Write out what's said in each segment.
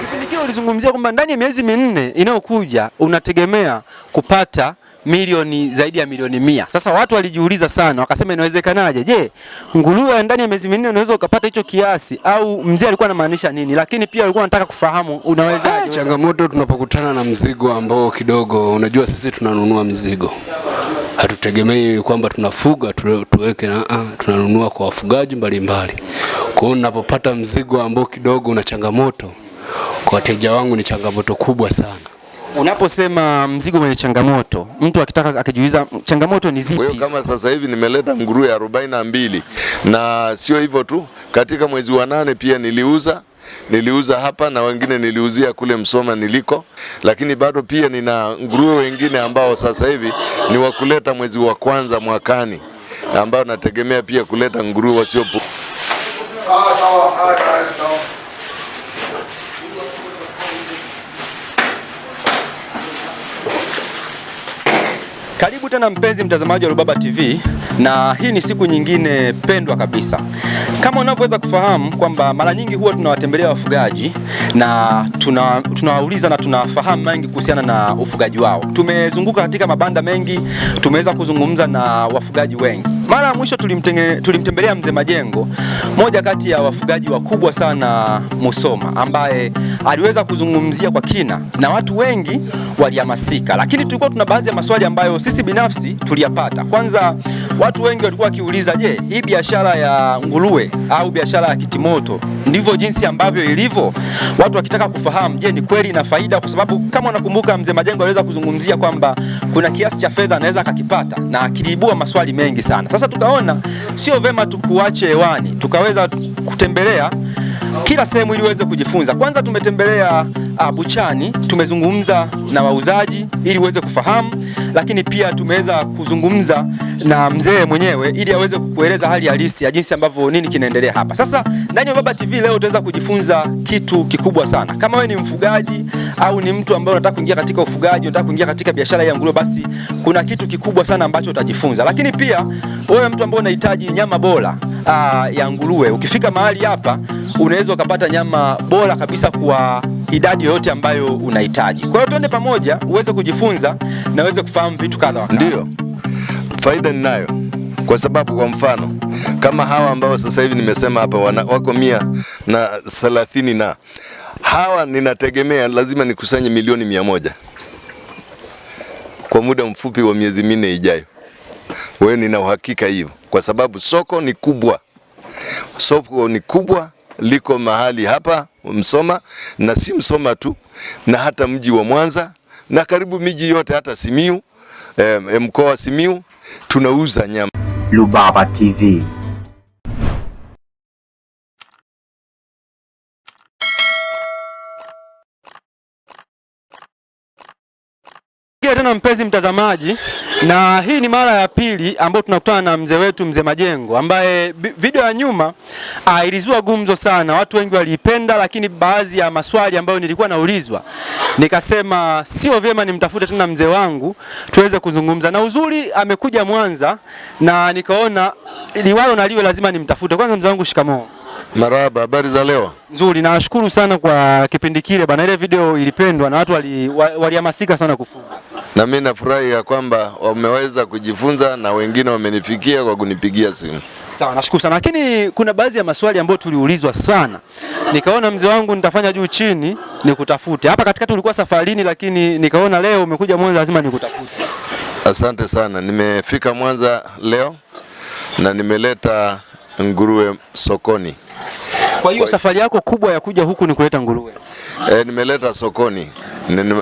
Kipindi kile ulizungumzia kwamba ndani ya miezi minne inayokuja unategemea kupata milioni zaidi ya milioni mia. Sasa watu walijiuliza sana, wakasema inawezekanaje? Je, nguruwe ndani ya miezi minne unaweza ukapata hicho kiasi, au mzee alikuwa anamaanisha nini? Lakini pia alikuwa anataka kufahamu unawezaje. Ah, changamoto tunapokutana na mzigo ambao kidogo, unajua sisi tunanunua mzigo hatutegemei kwamba tunafuga tuweke na uh, tunanunua kwa wafugaji mbalimbali. Kwa hiyo ninapopata mzigo ambao kidogo una changamoto kwa wateja wangu ni changamoto kubwa sana unaposema mzigo wenye changamoto, mtu akitaka akijiuliza changamoto ni zipi? Kwa hiyo kama sasa hivi nimeleta nguruwe arobaini na mbili na sio hivyo tu, katika mwezi wa nane pia niliuza niliuza hapa na wengine niliuzia kule Msoma niliko, lakini bado pia nina nguruwe wengine ambao sasa hivi ni wa kuleta mwezi wa kwanza mwakani, ambao nategemea pia kuleta nguruwe wasiopungua tena mpenzi mtazamaji wa Rubaba TV, na hii ni siku nyingine pendwa kabisa. Kama unavyoweza kufahamu kwamba mara nyingi huwa tunawatembelea wafugaji na tunawauliza tuna na tunafahamu mengi kuhusiana na ufugaji wao. Tumezunguka katika mabanda mengi, tumeweza kuzungumza na wafugaji wengi. Mara ya mwisho tulimtembelea Mzee Majengo, moja kati ya wafugaji wakubwa sana Musoma, ambaye aliweza kuzungumzia kwa kina na watu wengi walihamasika, lakini tulikuwa tuna baadhi ya maswali ambayo sisi binafsi binafsi tuliyapata. Kwanza watu wengi walikuwa wakiuliza, je, hii biashara ya nguruwe au biashara ya kitimoto ndivyo jinsi ambavyo ilivyo? Watu wakitaka kufahamu, je, ni kweli na faida? Kwa sababu kama unakumbuka mzee Majengo aliweza kuzungumzia kwamba kuna kiasi cha fedha anaweza akakipata na akiliibua maswali mengi sana. Sasa tukaona sio vema tukuache hewani, tukaweza kutembelea kila sehemu ili uweze kujifunza. Kwanza tumetembelea uh, buchani, tumezungumza na wauzaji ili uweze kufahamu, lakini pia tumeweza kuzungumza na mzee mwenyewe ili aweze kukueleza hali halisi ya jinsi ambavyo nini kinaendelea hapa. Sasa ndani ya Baba TV leo utaweza kujifunza kitu kikubwa sana. Kama wewe ni mfugaji au ni mtu ambaye unataka kuingia katika ufugaji, unataka kuingia katika biashara ya nguruwe, basi kuna kitu kikubwa sana ambacho utajifunza. Lakini pia wewe mtu ambaye unahitaji nyama bora uh, ya nguruwe. Ukifika mahali hapa unaweza ukapata nyama bora kabisa kwa idadi yoyote ambayo unahitaji. Kwa hiyo twende pamoja uweze kujifunza na uweze kufahamu vitu kadha kadha. Ndio faida ninayo kwa sababu kwa mfano kama hawa ambao sasa hivi nimesema hapa wana, wako mia na thelathini na hawa ninategemea lazima nikusanye milioni mia moja kwa muda mfupi wa miezi minne ijayo. Kwa hiyo nina uhakika hivyo, kwa sababu soko ni kubwa, soko ni kubwa liko mahali hapa Msoma na si Msoma tu, na hata mji wa Mwanza na karibu miji yote, hata Simiu, eh, mkoa wa Simiu tunauza nyama. Lubaba TV. Tena mpenzi mtazamaji, na hii ni mara ya pili ambayo tunakutana na mzee wetu mzee Majengo, ambaye video ya nyuma ah, ilizua gumzo sana, watu wengi waliipenda, lakini baadhi ya maswali ambayo nilikuwa naulizwa nikasema sio vyema nimtafute tena mzee wangu tuweze kuzungumza, na uzuri amekuja Mwanza na nikaona liwalo na liwe lazima nimtafute. Kwanza mzee wangu, shikamoo. Marahaba, habari za leo? Nzuri, nashukuru sana kwa kipindi kile bana, ile video ilipendwa na watu walihamasika wali sana kufunga na mimi nafurahi ya kwamba wameweza kujifunza na wengine wamenifikia kwa kunipigia simu. Sawa, nashukuru sana, lakini kuna baadhi ya maswali ambayo tuliulizwa sana, nikaona mzee wangu nitafanya juu chini nikutafute. Hapa katikati ulikuwa safarini, lakini nikaona leo umekuja Mwanza, lazima nikutafute. Asante sana, nimefika Mwanza leo na nimeleta nguruwe sokoni. Kwa hiyo safari yako kubwa ya kuja huku ni kuleta nguruwe? E, nimeleta sokoni,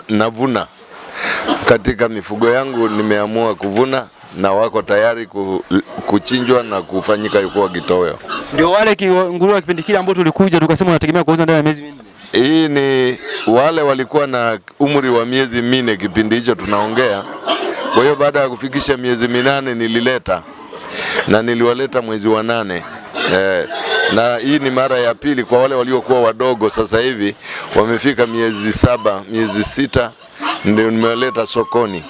navuna katika mifugo yangu nimeamua kuvuna na wako tayari kuchinjwa na kufanyika kuwa kitoweo. Ndio wale nguruwe wa kipindi kile ambao tulikuja tukasema unategemea kuuza ndani ya miezi minne. Hii ni wale walikuwa na umri wa miezi minne kipindi hicho tunaongea. Kwa hiyo baada ya kufikisha miezi minane nilileta na niliwaleta mwezi wa nane eh, na hii ni mara ya pili kwa wale waliokuwa wadogo. Sasa hivi wamefika miezi saba, miezi sita ndio nimeleta sokoni.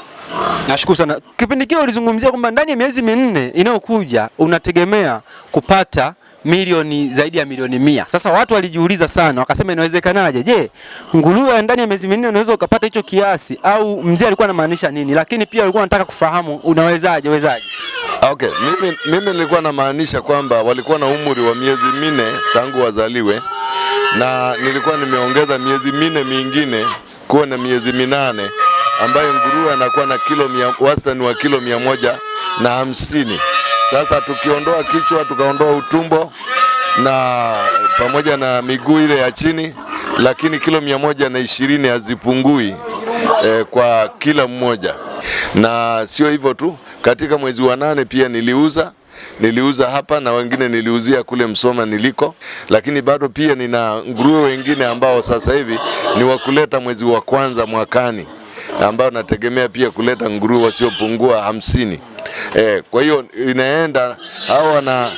Nashukuru sana. Kipindi kile ulizungumzia kwamba ndani ya miezi minne inayokuja unategemea kupata milioni zaidi ya milioni mia. Sasa watu walijiuliza sana, wakasema inawezekanaje? Je, nguruwe ndani ya miezi minne unaweza ukapata hicho kiasi, au mzee alikuwa anamaanisha nini? Lakini pia walikuwa wanataka kufahamu unawezaje, wezaje? Okay, mimi, mimi nilikuwa namaanisha kwamba walikuwa na umri wa miezi minne tangu wazaliwe na nilikuwa nimeongeza miezi minne mingine kuwa na miezi minane ambayo nguruwe anakuwa na kilo wastani wa kilo mia moja na hamsini. Sasa tukiondoa kichwa tukaondoa utumbo na pamoja na miguu ile ya chini, lakini kilo mia moja na ishirini hazipungui eh, kwa kila mmoja. Na sio hivyo tu, katika mwezi wa nane pia niliuza niliuza hapa na wengine niliuzia kule Msoma niliko, lakini bado pia nina nguruwe wengine ambao sasa hivi ni wa kuleta mwezi wa kwanza mwakani, ambao nategemea pia kuleta nguruwe wasiopungua hamsini. E, kwa hiyo inaenda hao wana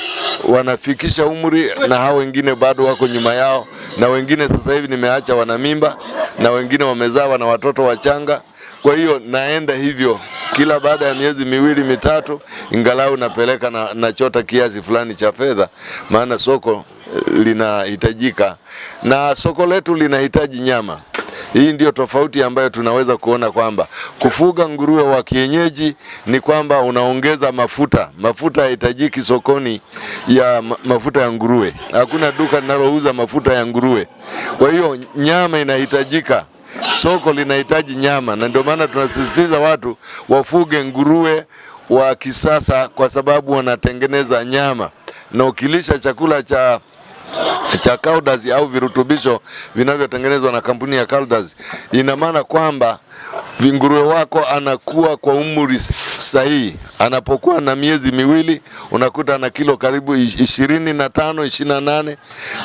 wanafikisha umri na hao wengine bado wako nyuma yao, na wengine sasa hivi nimeacha wana mimba na wengine wamezawa na watoto wachanga. Kwa hiyo naenda hivyo kila baada ya miezi miwili mitatu, ingalau napeleka na, nachota kiasi fulani cha fedha, maana soko eh, linahitajika na soko letu linahitaji nyama. Hii ndiyo tofauti ambayo tunaweza kuona kwamba kufuga nguruwe wa kienyeji ni kwamba unaongeza mafuta. Mafuta yahitajiki sokoni ya mafuta ya nguruwe, hakuna duka linalouza mafuta ya nguruwe. Kwa hiyo nyama inahitajika. Soko linahitaji nyama, na ndio maana tunasisitiza watu wafuge nguruwe wa kisasa, kwa sababu wanatengeneza nyama, na ukilisha chakula cha cha Caldas au virutubisho vinavyotengenezwa na kampuni ya Caldas, ina maana kwamba vinguruwe wako anakuwa kwa umri sahihi. Anapokuwa na miezi miwili unakuta ana kilo karibu ishirini na tano ishirini na nane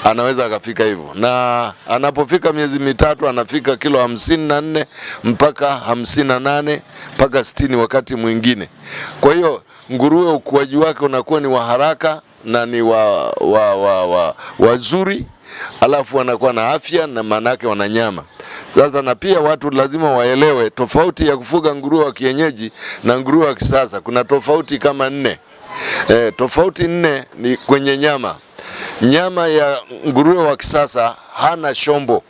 anaweza akafika hivyo, na anapofika miezi mitatu anafika kilo hamsini na nne mpaka hamsini na nane mpaka sitini wakati mwingine. Kwa hiyo nguruwe ukuaji wake unakuwa ni wa haraka na ni wa, wa, wa, wa, wazuri alafu wanakuwa na afya na maanake nyama Sasa na pia watu lazima waelewe tofauti ya kufuga nguruwe wa kienyeji na nguruwe wa kisasa. Kuna tofauti kama nne. E, tofauti nne ni kwenye nyama. Nyama ya nguruwe wa kisasa hana shombo,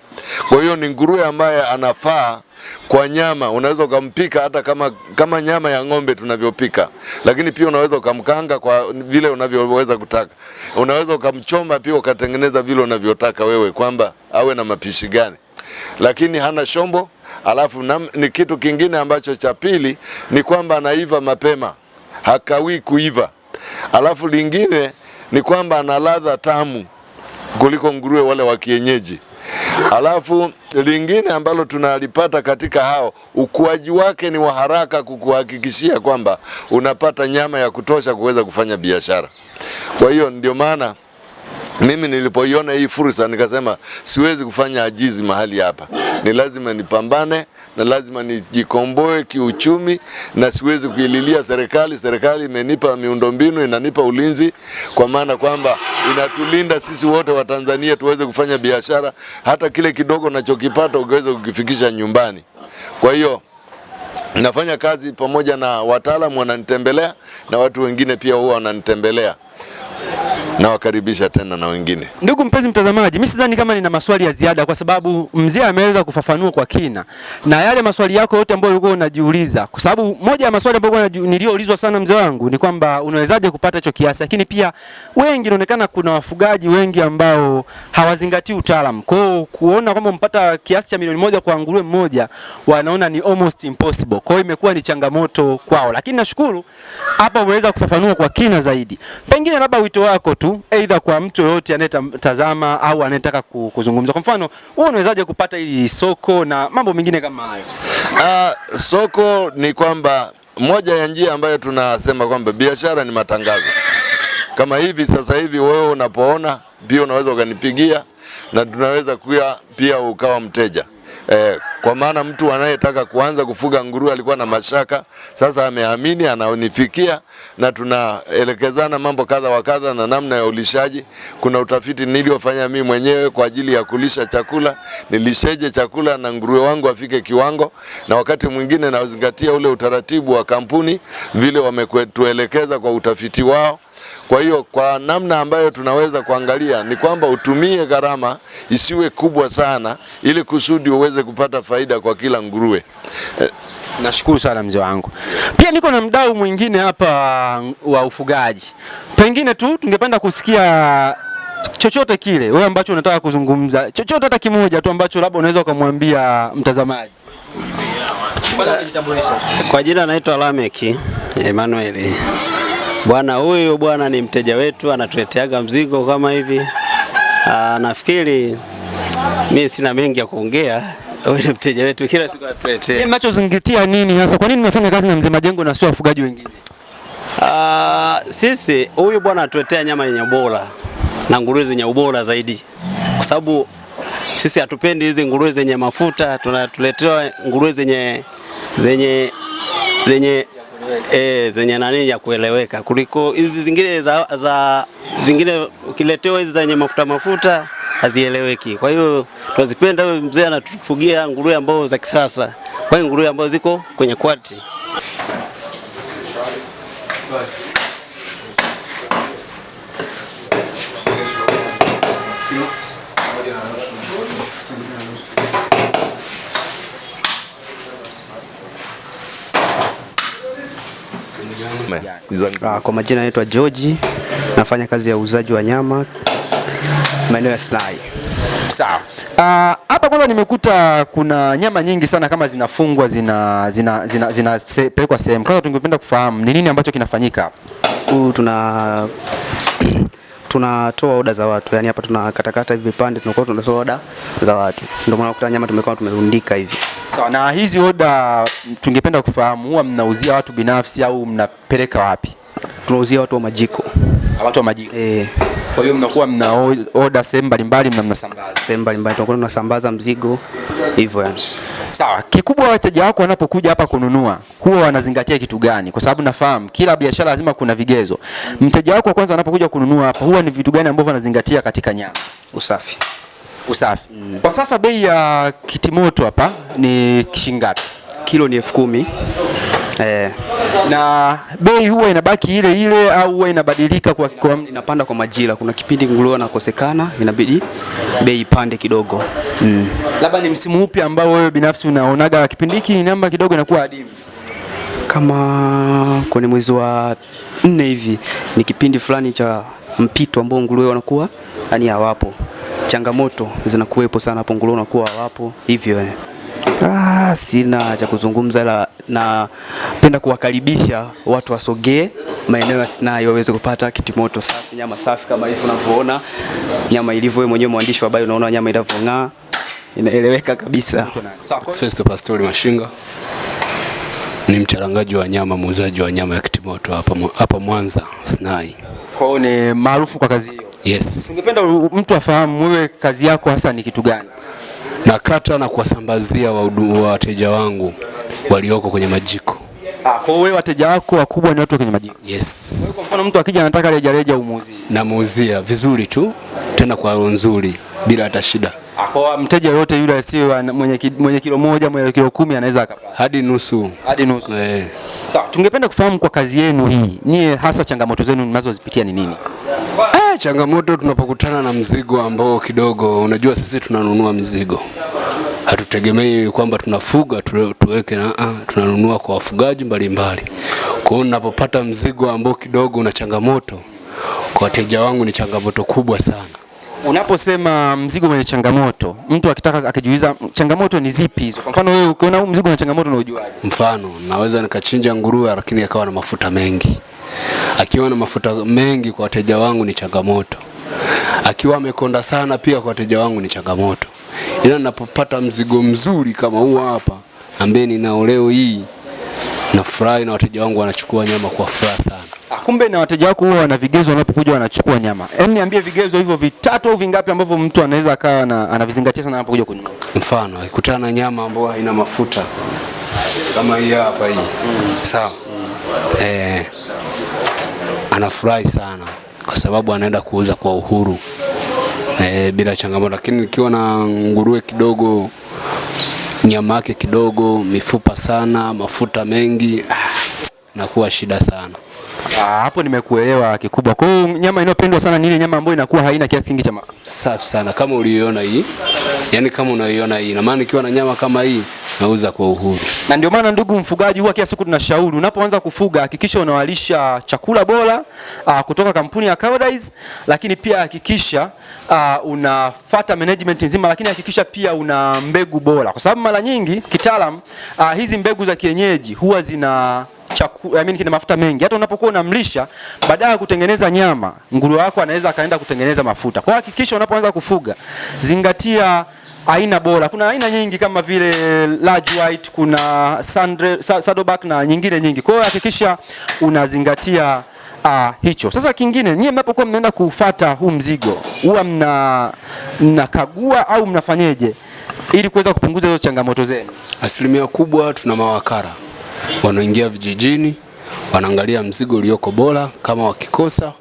kwa hiyo ni nguruwe ambaye anafaa kwa nyama unaweza ukampika hata kama, kama nyama ya ng'ombe tunavyopika, lakini pia unaweza ukamkanga kwa vile unavyoweza kutaka. Unaweza ukamchoma pia ukatengeneza vile unavyotaka wewe kwamba awe na mapishi gani, lakini hana shombo. Alafu na, ni kitu kingine ambacho cha pili ni kwamba anaiva mapema, hakawii kuiva. Alafu lingine ni kwamba ana ladha tamu kuliko nguruwe wale wa kienyeji. Alafu lingine ambalo tunalipata katika hao, ukuaji wake ni wa haraka, kukuhakikishia kwamba unapata nyama ya kutosha kuweza kufanya biashara. Kwa hiyo ndio maana mimi nilipoiona hii fursa nikasema siwezi kufanya ajizi mahali hapa ni lazima nipambane na lazima nijikomboe kiuchumi, na siwezi kuililia serikali. Serikali imenipa miundombinu, inanipa ulinzi, kwa maana kwamba inatulinda sisi wote wa Tanzania tuweze kufanya biashara, hata kile kidogo nachokipata ukiweza kukifikisha nyumbani. Kwa hiyo nafanya kazi pamoja na wataalamu wananitembelea, na watu wengine pia huwa wananitembelea nawakaribisha tena na wengine. Ndugu mpenzi mtazamaji, mimi sidhani kama nina maswali ya ziada, kwa sababu mzee ameweza kufafanua kwa kina na yale maswali yako yote ambayo ulikuwa unajiuliza, kwa sababu moja ya maswali ambayo niliyoulizwa sana mzee wangu ni kwamba unawezaje kupata hicho kiasi, lakini pia wengi inaonekana kuna wafugaji wengi ambao hawazingatii utaalamu kwao, kuona kwamba mpata kiasi cha milioni moja kwa nguruwe mmoja wanaona ni almost impossible, kwa imekuwa ni changamoto kwao, lakini nashukuru hapa umeweza kufafanua kwa kina zaidi. Pengine labda wito wako tu, aidha kwa mtu yoyote anayetazama au anayetaka kuzungumza. Kwa mfano, wewe unawezaje kupata hili soko na mambo mengine kama hayo? Uh, soko ni kwamba moja ya njia ambayo tunasema kwamba biashara ni matangazo. Kama hivi sasa hivi wewe unapoona pia unaweza ukanipigia na tunaweza kuya pia ukawa mteja eh, kwa maana mtu anayetaka kuanza kufuga nguruwe alikuwa na mashaka, sasa ameamini, anaonifikia na tunaelekezana mambo kadha wa kadha na namna ya ulishaji. Kuna utafiti niliofanya mimi mwenyewe kwa ajili ya kulisha chakula, nilisheje chakula na nguruwe wangu afike kiwango, na wakati mwingine nazingatia ule utaratibu wa kampuni vile wametuelekeza kwa utafiti wao. Kwa hiyo kwa namna ambayo tunaweza kuangalia ni kwamba utumie gharama isiwe kubwa sana, ili kusudi uweze kupata faida kwa kila nguruwe. Eh, Nashukuru sana mzee wangu. Pia niko na mdau mwingine hapa wa ufugaji, pengine tu tungependa kusikia chochote kile wewe ambacho unataka kuzungumza, chochote hata kimoja tu ambacho labda unaweza ukamwambia mtazamaji. Kwa jina anaitwa Lameki Emmanuel bwana huyu bwana ni mteja wetu, anatuleteaga mzigo kama hivi. Ah, nafikiri mimi sina mengi ya kuongea. Huyu ni mteja wetu, kila siku anatuletea. Yeye yaani mnachozingatia nini hasa? Kwa nini mnafanya kazi na mzee Majengo na sio wafugaji wengine? Aa, ah, sisi huyu bwana anatuletea nyama yenye ubora na nguruwe zenye ubora zaidi, kwa sababu sisi hatupendi hizi nguruwe zenye mafuta, tunatuletewa nguruwe zenye zenye zenye e, zenye nani ya kueleweka kuliko hizi zingine za, za zingine ukiletewa hizi zenye mafuta mafuta hazieleweki. Kwa hiyo tunazipenda, mzee anatufugia nguruwe ambao za kisasa, kwa hiyo nguruwe ambao ziko kwenye kwati. Ah, kwa majina naitwa George, nafanya kazi ya uuzaji wa nyama maeneo ya Slai. Sawa. Ah, hapa uh, kwanza nimekuta kuna nyama nyingi sana kama zinafungwa zinapelekwa zina, zina, zina se, sehemu. Kwanza tungependa kufahamu ni nini ambacho kinafanyika Huu tuna tunatoa oda za watu, yani hapa tunakatakata hivi vipande, tunakuwa tunatoa oda za watu, ndio maana ukuta nyama tumekuwa tumerundika hivi. Sawa. So, na hizi oda tungependa kufahamu, huwa mnauzia watu binafsi au mnapeleka wapi? Tunauzia watu wa majiko. Watu wa majiko. Eh. Kwa hiyo mnakuwa mna oda sehemu mbalimbali, mna mnasambaza sehemu mbalimbali, tunakuwa tunasambaza mzigo hivyo yani. Sawa, kikubwa wateja wako wanapokuja hapa kununua huwa wanazingatia kitu gani? Kwa sababu nafahamu kila biashara lazima kuna vigezo. Mteja wako wa kwanza anapokuja kununua hapa huwa ni vitu gani ambavyo anazingatia katika nyama? Usafi. Usafi. Mm. Kwa sasa bei ya kitimoto hapa ni kishingapi? Kilo ni elfu kumi. Eh. Na bei huwa inabaki ile ile au huwa inabadilika kwa kwa inapanda kwa majira? Kuna kipindi nguruwe anakosekana, inabidi bei ipande kidogo. Mm. Labda ni msimu upi ambao wewe binafsi unaonaga kipindi hiki namba kidogo inakuwa adimu? Kama kwenye mwezi wa nne hivi ni kipindi fulani cha mpito ambao nguruwe wanakuwa yani hawapo, changamoto zinakuwepo sana hapo, nguruwe wanakuwa hawapo hivyo. Ah, sina cha kuzungumza, la napenda kuwakaribisha watu wasogee maeneo ya Sinai waweze kupata kitimoto safi, nyama safi kama hivi unavyoona nyama ilivyo. Wewe mwenyewe mwandishi wa habari unaona nyama inavyong'aa, inaeleweka kabisa. Festo Pastori Mashinga ni mcharangaji wa nyama, muuzaji wa nyama ya kitimoto hapa hapa Mwanza Sinai. Kwao ni maarufu kwa kazi hiyo. Yes. Ningependa mtu afahamu wewe kazi yako hasa ni kitu gani? nakata na kuwasambazia wateja wangu walioko kwenye majiko. Ah, kwa hiyo wateja wako wakubwa ni watu kwenye majiko? Yes. Kwa mfano mtu akija anataka rejareja umuuzie? Namuuzia vizuri tu tena kwa roho nzuri bila hata shida. Ah, kwa mteja yote yule asiye mwenye kilo moja mwenye kilo kumi anaweza akapata hadi nusu, hadi nusu. Eh. Sawa, tungependa kufahamu kwa kazi yenu hii, nyie hasa changamoto zenu mnazozipitia ni nini? changamoto tunapokutana na mzigo ambao kidogo, unajua sisi tunanunua mzigo, hatutegemei kwamba tunafuga tuweke na ah, tunanunua kwa wafugaji mbalimbali. Kwa hiyo ninapopata mzigo ambao kidogo una changamoto kwa wateja wangu ni changamoto kubwa sana. Unaposema mzigo wenye changamoto, mtu akitaka akijiuliza changamoto ni zipi hizo? Kwa mfano wewe ukiona mzigo una changamoto unaujuaje? Mfano, naweza nikachinja nguruwe lakini akawa na mafuta mengi Akiwa na mafuta mengi kwa wateja wangu ni changamoto, akiwa amekonda sana pia kwa wateja wangu ni changamoto, ila ninapopata mzigo mzuri kama huu hapa ambaye ninao leo hii nafurahi na wateja wangu wanachukua nyama kwa furaha sana. Ah, kumbe na wateja wako huwa wana vigezo wanapokuja wanachukua nyama. Hebu yaani niambie vigezo hivyo vitatu au vingapi ambavyo mtu anaweza akawa anavizingatia sana anapokuja kununua. Mfano, akikutana na nyama ambayo haina mafuta kama hii hapa hii. Mm. Sawa. Mm. Eh, anafurahi sana kwa sababu anaenda kuuza kwa uhuru e, bila changamoto. Lakini nikiwa na nguruwe kidogo, nyama yake kidogo, mifupa sana, mafuta mengi, ah, nakuwa shida sana. Ah, hapo nimekuelewa kikubwa. Kwa hiyo nyama inayopendwa sana ni ile nyama ambayo inakuwa haina kiasi kingi cha mafuta. Safi sana kama uliiona hii, yaani kama unaiona hii, na maana nikiwa na nyama kama hii nauza kwa uhuru. Na ndio maana ndugu mfugaji, huwa kila siku tunashauri unapoanza kufuga hakikisha unawalisha chakula bora uh, kutoka kampuni ya Koudijs, lakini pia hakikisha uh, unafata management nzima, lakini hakikisha pia una mbegu bora, kwa sababu mara nyingi kitaalamu uh, hizi mbegu za kienyeji huwa zina chaku, I mean, kina mafuta mengi. Hata unapokuwa unamlisha baada ya kutengeneza nyama, nguruwe wako anaweza akaenda kutengeneza mafuta. Kwa hakikisha unapoanza kufuga zingatia aina bora. Kuna aina nyingi kama vile large white, kuna sandre, saddleback na nyingine nyingi. Kwa hiyo hakikisha unazingatia uh, hicho. Sasa kingine, nyie mnapokuwa mnaenda kufuata huu mzigo, huwa mna mnakagua au mnafanyeje ili kuweza kupunguza hizo changamoto zenu? Asilimia kubwa tuna mawakala wanaingia vijijini, wanaangalia mzigo ulioko bora, kama wakikosa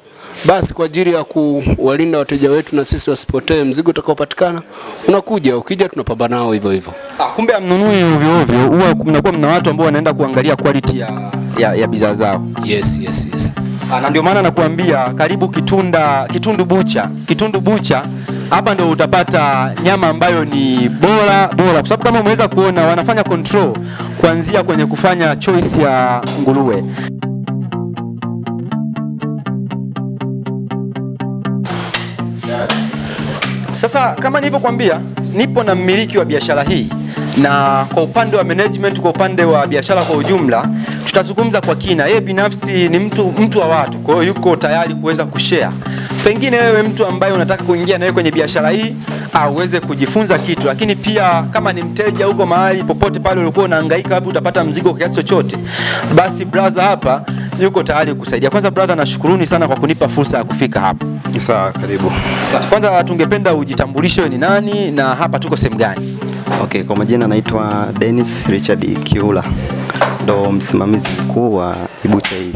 basi kwa ajili ya kuwalinda wateja wetu na sisi wasipotee, mzigo utakaopatikana unakuja, ukija tunapambana nao hivyo hivyo. Ah, kumbe amnunui ovyo ovyo, huwa mnakuwa mna watu ambao wanaenda kuangalia quality ya, ya, ya bidhaa zao. Yes, yes, yes. Ah, na ndio maana nakuambia karibu Kitunda, Kitundu Bucha, Kitundu Bucha hapa ndo utapata nyama ambayo ni bora bora, kwa sababu kama umeweza kuona wanafanya control kuanzia kwenye kufanya choice ya nguruwe. Sasa kama nilivyokuambia, nipo na mmiliki wa biashara hii, na kwa upande wa management, kwa upande wa biashara kwa ujumla, tutazungumza kwa kina. Yeye binafsi ni mtu, mtu wa watu, kwa hiyo yuko tayari kuweza kushare. Pengine wewe mtu ambaye unataka kuingia nawe kwenye biashara hii auweze ah, kujifunza kitu, lakini pia kama ni mteja huko mahali popote pale ulikuwa unahangaika wapi utapata mzigo kiasi chochote, basi brother hapa yuko tayari kusaidia. Kwanza brother, nashukuruni sana kwa kunipa fursa ya kufika hapa. Sawa, karibu. Sawa. Kwanza tungependa ujitambulishe ni nani na hapa tuko sehemu gani? Okay, kwa majina naitwa Dennis Richard Kiula. Ndo msimamizi mkuu wa Ibucha hii.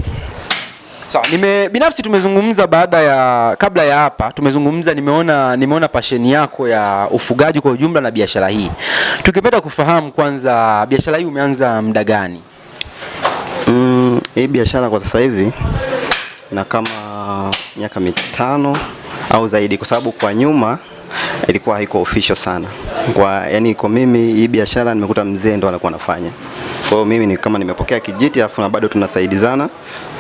Sawa, nime binafsi tumezungumza baada ya kabla ya hapa tumezungumza, nimeona nimeona pasheni yako ya ufugaji kwa ujumla na biashara hii. Tungependa kufahamu kwanza biashara hii umeanza muda gani? Mm. Hii biashara kwa sasa hivi na kama miaka mitano au zaidi, kwa sababu kwa nyuma ilikuwa haiko official sana. Kwa yani kwa mimi hii biashara nimekuta mzee ndo anakuwa anafanya. Kwa hiyo mimi ni kama nimepokea kijiti afu na bado tunasaidizana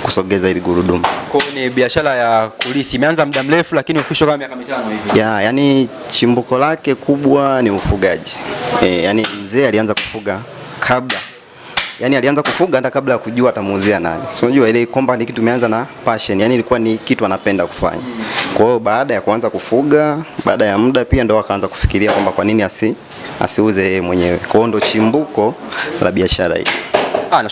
kusogeza ili gurudumu. Kwa hiyo ni biashara ya kurithi. Imeanza muda mrefu lakini official kama miaka mitano hivi. Yeah, yani chimbuko lake kubwa ni ufugaji. E, yani mzee alianza kufuga kabla yani alianza kufuga hata kabla ya kujua atamuuzia nani. So unajua ile kwamba ni kitu imeanza na passion, yani ilikuwa ni kitu anapenda kufanya. Kwa hiyo baada ya kuanza kufuga, baada ya muda pia ndo akaanza kufikiria kwamba kwa nini asi asiuze yeye mwenyewe. Kwa hiyo ndo chimbuko la biashara hii. Ah,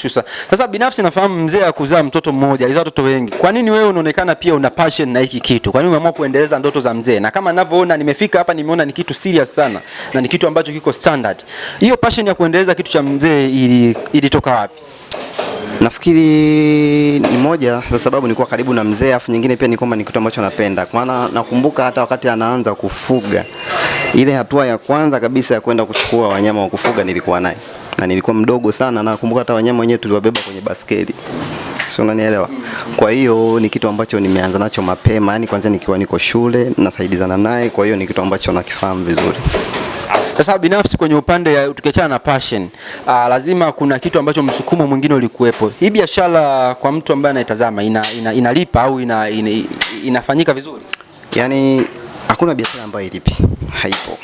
Sasa binafsi nafahamu mzee akuzaa mtoto mmoja, alizaa watoto wengi. Kwa nini wewe unaonekana pia una passion na hiki kitu? Kwa nini umeamua kuendeleza ndoto za mzee? Na kama ninavyoona nimefika hapa nimeona ni kitu serious sana na ni kitu ambacho kiko standard. Hiyo passion ya kuendeleza kitu cha mzee ilitoka ili wapi? Nafikiri ni moja kwa sababu nilikuwa karibu na mzee, afu nyingine pia ni kwamba ni kitu ambacho napenda. Kwa maana nakumbuka hata wakati anaanza kufuga, ile hatua ya kwanza kabisa ya kwenda kuchukua wanyama wa kufuga nilikuwa naye na nilikuwa mdogo sana, na nakumbuka hata wanyama wenyewe tuliwabeba kwenye baskeli, sio unanielewa? Kwa hiyo ni kitu ambacho nimeanza nacho mapema, yani kwanza nikiwa niko shule nasaidizana naye, kwa hiyo ni kitu ambacho nakifahamu vizuri. Sasa binafsi kwenye upande ya tukiachana na passion, uh, lazima kuna kitu ambacho msukumo mwingine ulikuwepo. Hii biashara kwa mtu ambaye anaitazama ina, ina, inalipa au ina, ina, inafanyika vizuri? Yani hakuna biashara ambayo ilipi, haipo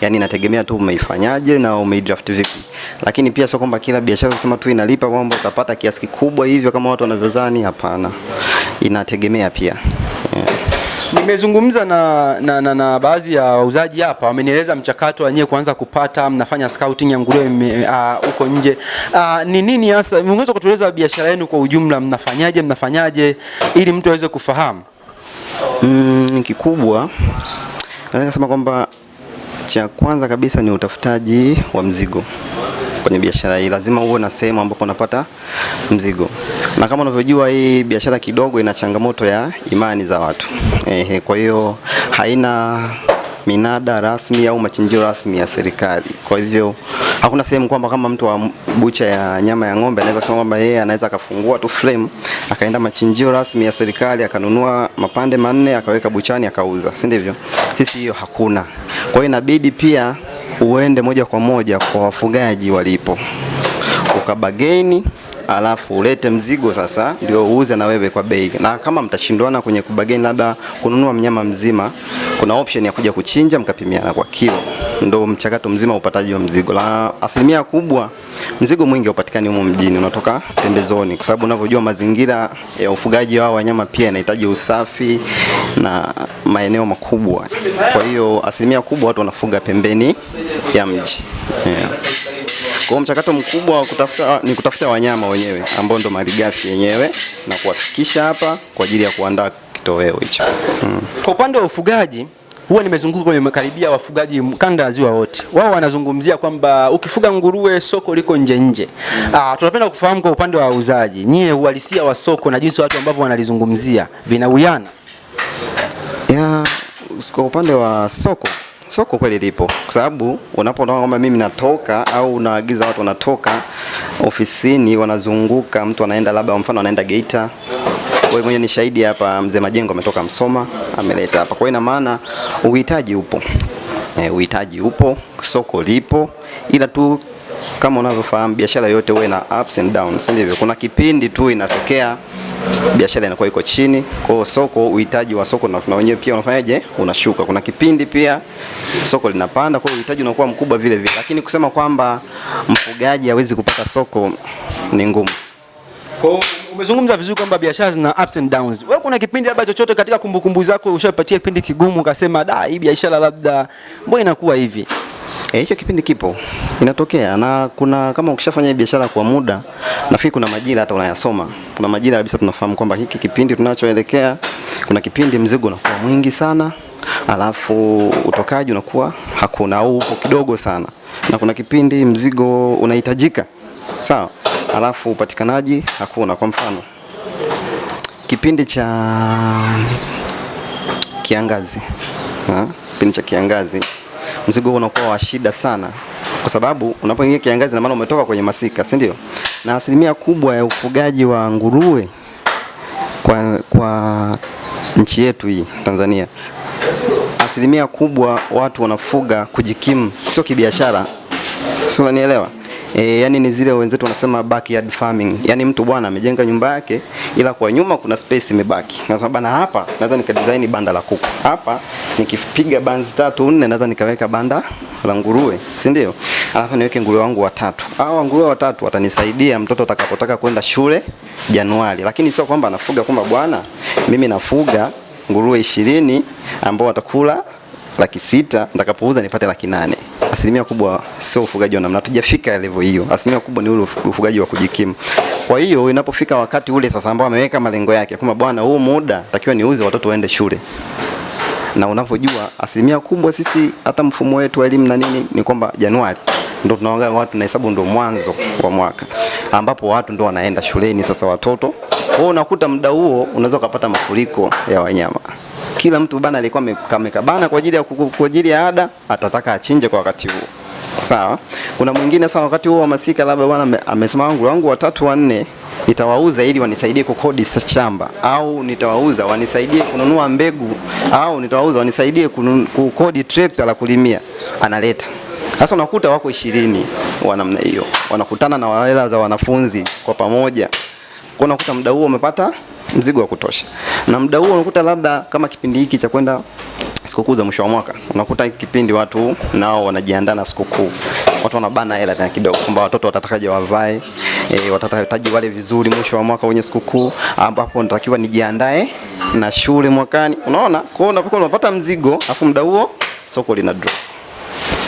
yani inategemea tu umeifanyaje na umeidraft vipi, lakini pia sio kwamba kila biashara unasema tu inalipa kwamba utapata kiasi kikubwa hivyo kama watu wanavyozani Hapana, inategemea pia yeah. Nimezungumza na, na, na, na baadhi ya wauzaji hapa, wamenieleza mchakato wenyewe kuanza kupata, mnafanya scouting ya nguruwe ah, huko uh, nje ah, ni nini hasa, mnaweza kutueleza biashara yenu kwa ujumla, mnafanyaje mnafanyaje ili mtu aweze kufahamu? Mm, kikubwa naweza kusema kwamba cha kwanza kabisa ni utafutaji wa mzigo kwenye biashara hii, lazima uwe na sehemu ambapo unapata mzigo, na kama unavyojua hii biashara kidogo ina changamoto ya imani za watu. Ehe, kwa hiyo haina minada rasmi au machinjio rasmi ya serikali. Kwa hivyo hakuna sehemu kwamba kama mtu wa bucha ya nyama ya ng'ombe anaweza kusema kwamba yeye anaweza akafungua tu frame akaenda machinjio rasmi ya serikali akanunua mapande manne akaweka buchani akauza, si ndivyo? Sisi hiyo hakuna. Kwa hiyo inabidi pia uende moja kwa moja kwa wafugaji walipo ukabageni alafu ulete mzigo sasa ndio uuze na wewe kwa bei. Na kama mtashindwana kwenye kubageni, labda kununua mnyama mzima, kuna option ya kuja kuchinja mkapimiana kwa kilo. Ndio mchakato mzima upataji wa mzigo. La asilimia kubwa mzigo mwingi upatikani humu mjini, unatoka pembezoni, kwa sababu unavyojua mazingira ya ufugaji wa wanyama pia inahitaji usafi na maeneo makubwa. Kwa hiyo asilimia kubwa watu wanafuga pembeni ya mji yeah. Kwa mchakato mkubwa kutafuta, ni kutafuta wanyama wenyewe ambao ndo malighafi yenyewe na kuwafikisha hapa kwa ajili ya kuandaa kitoweo hicho. Hmm. Kwa upande wa ufugaji huwa nimezunguka, kwenye makaribia wafugaji kanda ya ziwa wote, wao wanazungumzia kwamba ukifuga nguruwe soko liko nje nje. Mm. Ah, tunapenda kufahamu kwa upande wa wauzaji, nyie uhalisia wa soko na jinsi watu ambavyo wanalizungumzia vinawiana? Ya, kwa upande wa soko Soko kweli lipo, kwa sababu unapoona kama mimi natoka au unaagiza watu wanatoka ofisini wanazunguka, mtu anaenda labda, mfano anaenda Geita, wewe mwenyewe ni shahidi hapa, mzee Majengo ametoka Msoma ameleta hapa. Kwa hiyo ina maana uhitaji upo, eh, uhitaji upo, soko lipo, ila tu kama unavyofahamu biashara yote huwa ina ups and downs, si ndivyo? Kuna kipindi tu inatokea biashara inakuwa iko chini, kwa hiyo soko, uhitaji wa soko na wenyewe pia unafanyaje, unashuka. Kuna kipindi pia soko linapanda, kwa hiyo uhitaji unakuwa mkubwa vile vile, lakini kusema kwamba mfugaji hawezi kupata soko ni ngumu. Kwa umezungumza vizuri kwamba biashara zina ups and downs. Wewe kuna kipindi labda chochote katika kumbukumbu zako ushapatia kipindi kigumu, ukasema da, hii biashara labda mbona inakuwa hivi? Eh, hicho kipindi kipo inatokea, na kuna kama ukishafanya biashara kwa muda, nafikiri kuna majira hata unayasoma. Kuna majira kabisa tunafahamu kwamba hiki kipindi tunachoelekea, kuna kipindi mzigo unakuwa mwingi sana, alafu utokaji unakuwa hakuna au upo kidogo sana, na kuna kipindi mzigo unahitajika sawa, alafu upatikanaji hakuna. Kwa mfano kipindi cha kiangazi ha? kipindi cha kiangazi mzigo huo unakuwa wa shida sana, kwa sababu unapoingia kiangazi na maana umetoka kwenye masika, si ndio? Na asilimia kubwa ya ufugaji wa nguruwe kwa, kwa nchi yetu hii Tanzania, asilimia kubwa watu wanafuga kujikimu, sio kibiashara, si unanielewa? E, yani ni zile wenzetu wanasema backyard farming. Yani mtu bwana amejenga nyumba yake ila kwa nyuma kuna space imebaki. Nasema bana, hapa naweza nikadesign banda la kuku. Hapa nikipiga banzi tatu nne naweza nikaweka banda la nguruwe, si ndio? Alafu niweke nguruwe wangu watatu. Hao nguruwe watatu watanisaidia mtoto atakapotaka kwenda shule Januari. Lakini sio kwamba anafuga kwamba bwana mimi nafuga nguruwe ishirini ambao watakula laki sita nitakapouza nipate laki nane asilimia kubwa sio ufugaji wa namna, hatujafika level hiyo. Asilimia kubwa ni ule ufugaji wa kujikimu. Kwa hiyo inapofika wakati ule sasa ambao ameweka malengo yake kama bwana, huu muda takiwa niuze watoto waende shule, na unavyojua asilimia kubwa sisi hata mfumo wetu wa elimu na nini ni kwamba Januari ndo tunaoga watu na hesabu ndo mwanzo wa mwaka ambapo watu ndo wanaenda shuleni sasa watoto. Kwa hiyo unakuta muda huo unaweza kupata mafuriko ya wanyama kila mtu bana alikuwa amekameka bana kwa ajili ya kwa ajili ya ada, atataka achinje kwa wakati huo. Sawa. Kuna mwingine sana wakati huo wa masika, labda bwana amesema wangu wangu watatu wanne nitawauza ili wanisaidie kukodi shamba, au nitawauza wanisaidie kununua mbegu, au nitawauza wanisaidie kukodi trekta la kulimia. Analeta sasa, unakuta wako ishirini wa namna hiyo, wanakutana na hela za wanafunzi kwa pamoja, kwa unakuta muda huo umepata mzigo wa kutosha, na muda huo unakuta labda kama kipindi hiki cha kwenda sikukuu za mwisho wa mwaka, unakuta kipindi watu nao wanajiandaa na sikukuu, watu wanabana hela tena kidogo, kwamba watoto watatakaje wavae, e, eh, watatahitaji wale vizuri mwisho wa mwaka wenye sikukuu, ambapo natakiwa nijiandae na shule mwakani. Unaona, kwa hiyo unapata mzigo, afu muda huo soko lina drop.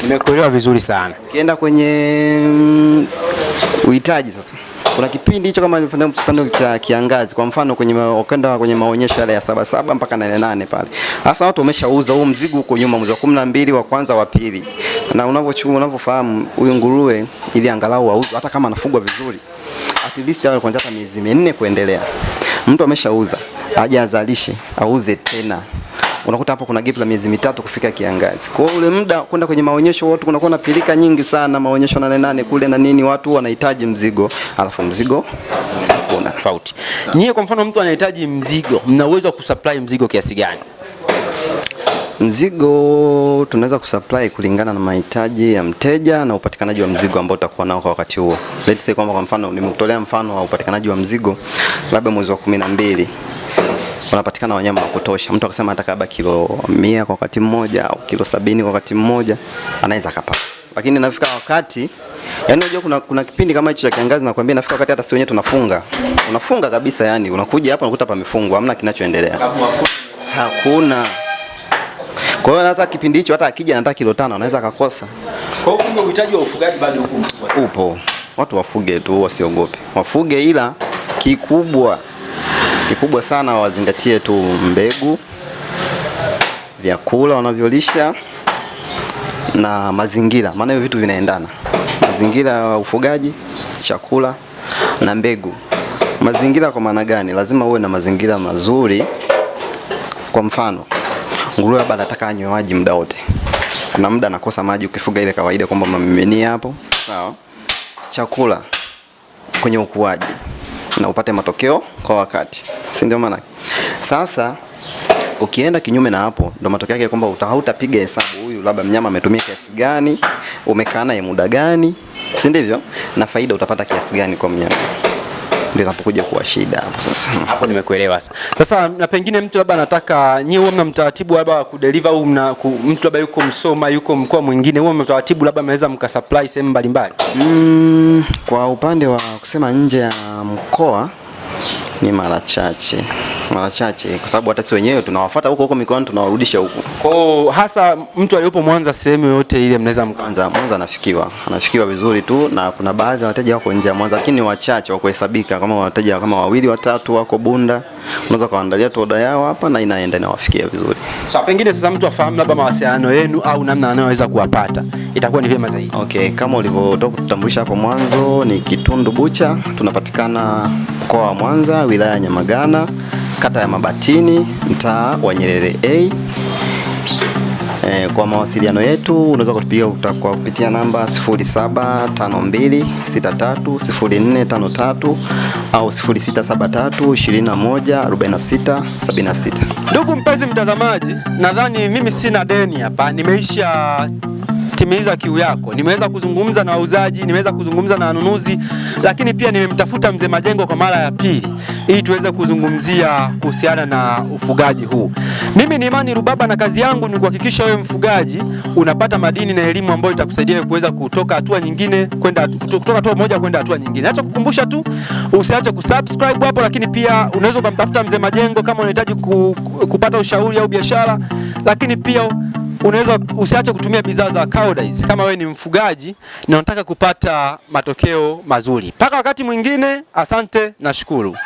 Nimekuelewa vizuri sana. Ukienda kwenye mm, uhitaji sasa kuna kipindi hicho kama kipindi cha kiangazi, kwa mfano kwenye ukenda kwenye maonyesho yale ya saba saba mpaka nane nane pale, hasa watu wameshauza huu mzigo huko nyuma, mwezi wa kumi na mbili wa kwanza wa pili, na unavyochukua unavyofahamu, huyu nguruwe ili angalau auze, hata kama anafugwa vizuri, at least awe kwanza hata miezi minne kuendelea, mtu ameshauza aje azalishe auze tena unakuta hapo kuna gap la miezi mitatu kufika kiangazi. Kwa ule muda kwenda kwenye maonyesho watu kunakuwa na pilika nyingi sana, maonyesho nane nane kule na nini, watu wanahitaji mzigo, alafu mzigo kuna tofauti. Nyie kwa mfano, mtu anahitaji mzigo, mna uwezo wa kusupply mzigo kiasi gani? Mzigo tunaweza kusupply kulingana na mahitaji ya mteja na upatikanaji wa mzigo ambao utakuwa nao kwa wakati huo. Let's say kwamba kwa mfano nimekutolea mfano wa upatikanaji wa mzigo labda mwezi wa kumi na mbili unapatikana wanyama wa kutosha. Mtu akasema nataka labda kilo mia kwa wakati mmoja au kilo sabini kwa wakati mmoja, anaweza akapata, lakini nafika wakati yani, unajua kuna, kuna kipindi kama hicho cha kiangazi nakwambia nafika wakati hata si wenyewe tunafunga. Unafunga kabisa yani unakuja hapa unakuta pamefungwa, hamna kinachoendelea. Hakuna. Kwa hiyo hata kipindi hicho hata akija anataka kilo tano anaweza akakosa. Kwa hiyo kumbe uhitaji wa ufugaji bado upo. Upo. Watu wafuge tu wasiogope. Wafuge ila kikubwa Kikubwa sana wazingatie tu mbegu, vyakula wanavyolisha na mazingira, maana hiyo vitu vinaendana. Mazingira ya ufugaji, chakula na mbegu. Mazingira kwa maana gani? Lazima uwe na mazingira mazuri. Kwa mfano, nguruwe labda anataka anywe maji muda wote, kuna muda anakosa maji, ukifuga ile kawaida kwamba mamimenia hapo, sawa. Chakula kwenye ukuaji na upate matokeo kwa wakati, si ndio? Maana sasa ukienda kinyume na hapo, ndo matokeo yake kwamba hautapiga hesabu huyu labda mnyama ametumia kiasi gani, umekaa naye muda gani, si ndivyo? Na faida utapata kiasi gani kwa mnyama ndio kuwa shida hapo sasa. Hapo nimekuelewa sasa. Sasa na pengine mtu labda anataka nyie, huwa mna mtaratibu labda wa kudeliver au mna mtu labda yuko Msoma, yuko mkoa mwingine, huwa mna mtaratibu labda mnaweza mkasupply sehemu mbalimbali? Mm, kwa upande wa kusema nje ya mkoa ni mara chache mara chache, kwa sababu hata si wenyewe tunawafuata huko huko mikoani, tunawarudisha huko. Kwa hasa mtu aliyepo Mwanza, sehemu yote ile mnaweza mkaanza. Mwanza anafikiwa, anafikiwa vizuri tu, na kuna baadhi ya wateja wako nje ya Mwanza, lakini wachache wa kuhesabika, kama wateja kama wawili watatu wako Bunda, unaweza kuandalia tu oda yao hapa na inaenda inawafikia vizuri. Sawa, pengine sasa mtu afahamu labda mawasiliano yenu au namna anayoweza kuwapata, itakuwa ni vyema zaidi. Okay, kama ulivyotoka kutambulisha hapo mwanzo, ni Kitundu Bucha, tunapatikana mkoa wa Mwanza, wilaya ya Nyamagana kata ya Mabatini, mtaa wa Nyerere A. E, kwa mawasiliano yetu unaweza kutupigia kwa kupitia namba 0752630453 au 0673214676. Ndugu mpenzi mtazamaji, nadhani mimi sina deni hapa, nimeisha kutimiza kiu yako. Nimeweza kuzungumza na wauzaji, nimeweza kuzungumza na wanunuzi, lakini pia nimemtafuta mzee majengo kwa mara ya pili ili tuweze kuzungumzia kuhusiana na ufugaji huu. Mimi ni Imani Rubaba na kazi yangu ni kuhakikisha wewe mfugaji unapata madini na elimu ambayo itakusaidia kuweza kutoka hatua nyingine kwenda kutoka hatua moja kwenda hatua nyingine. Acha kukumbusha tu usiache kusubscribe hapo, lakini pia unaweza ukamtafuta mzee majengo kama unahitaji kupata ushauri au biashara, lakini pia unaweza usiache kutumia bidhaa za Koudijs kama we ni mfugaji na unataka kupata matokeo mazuri. Mpaka wakati mwingine, asante na shukuru.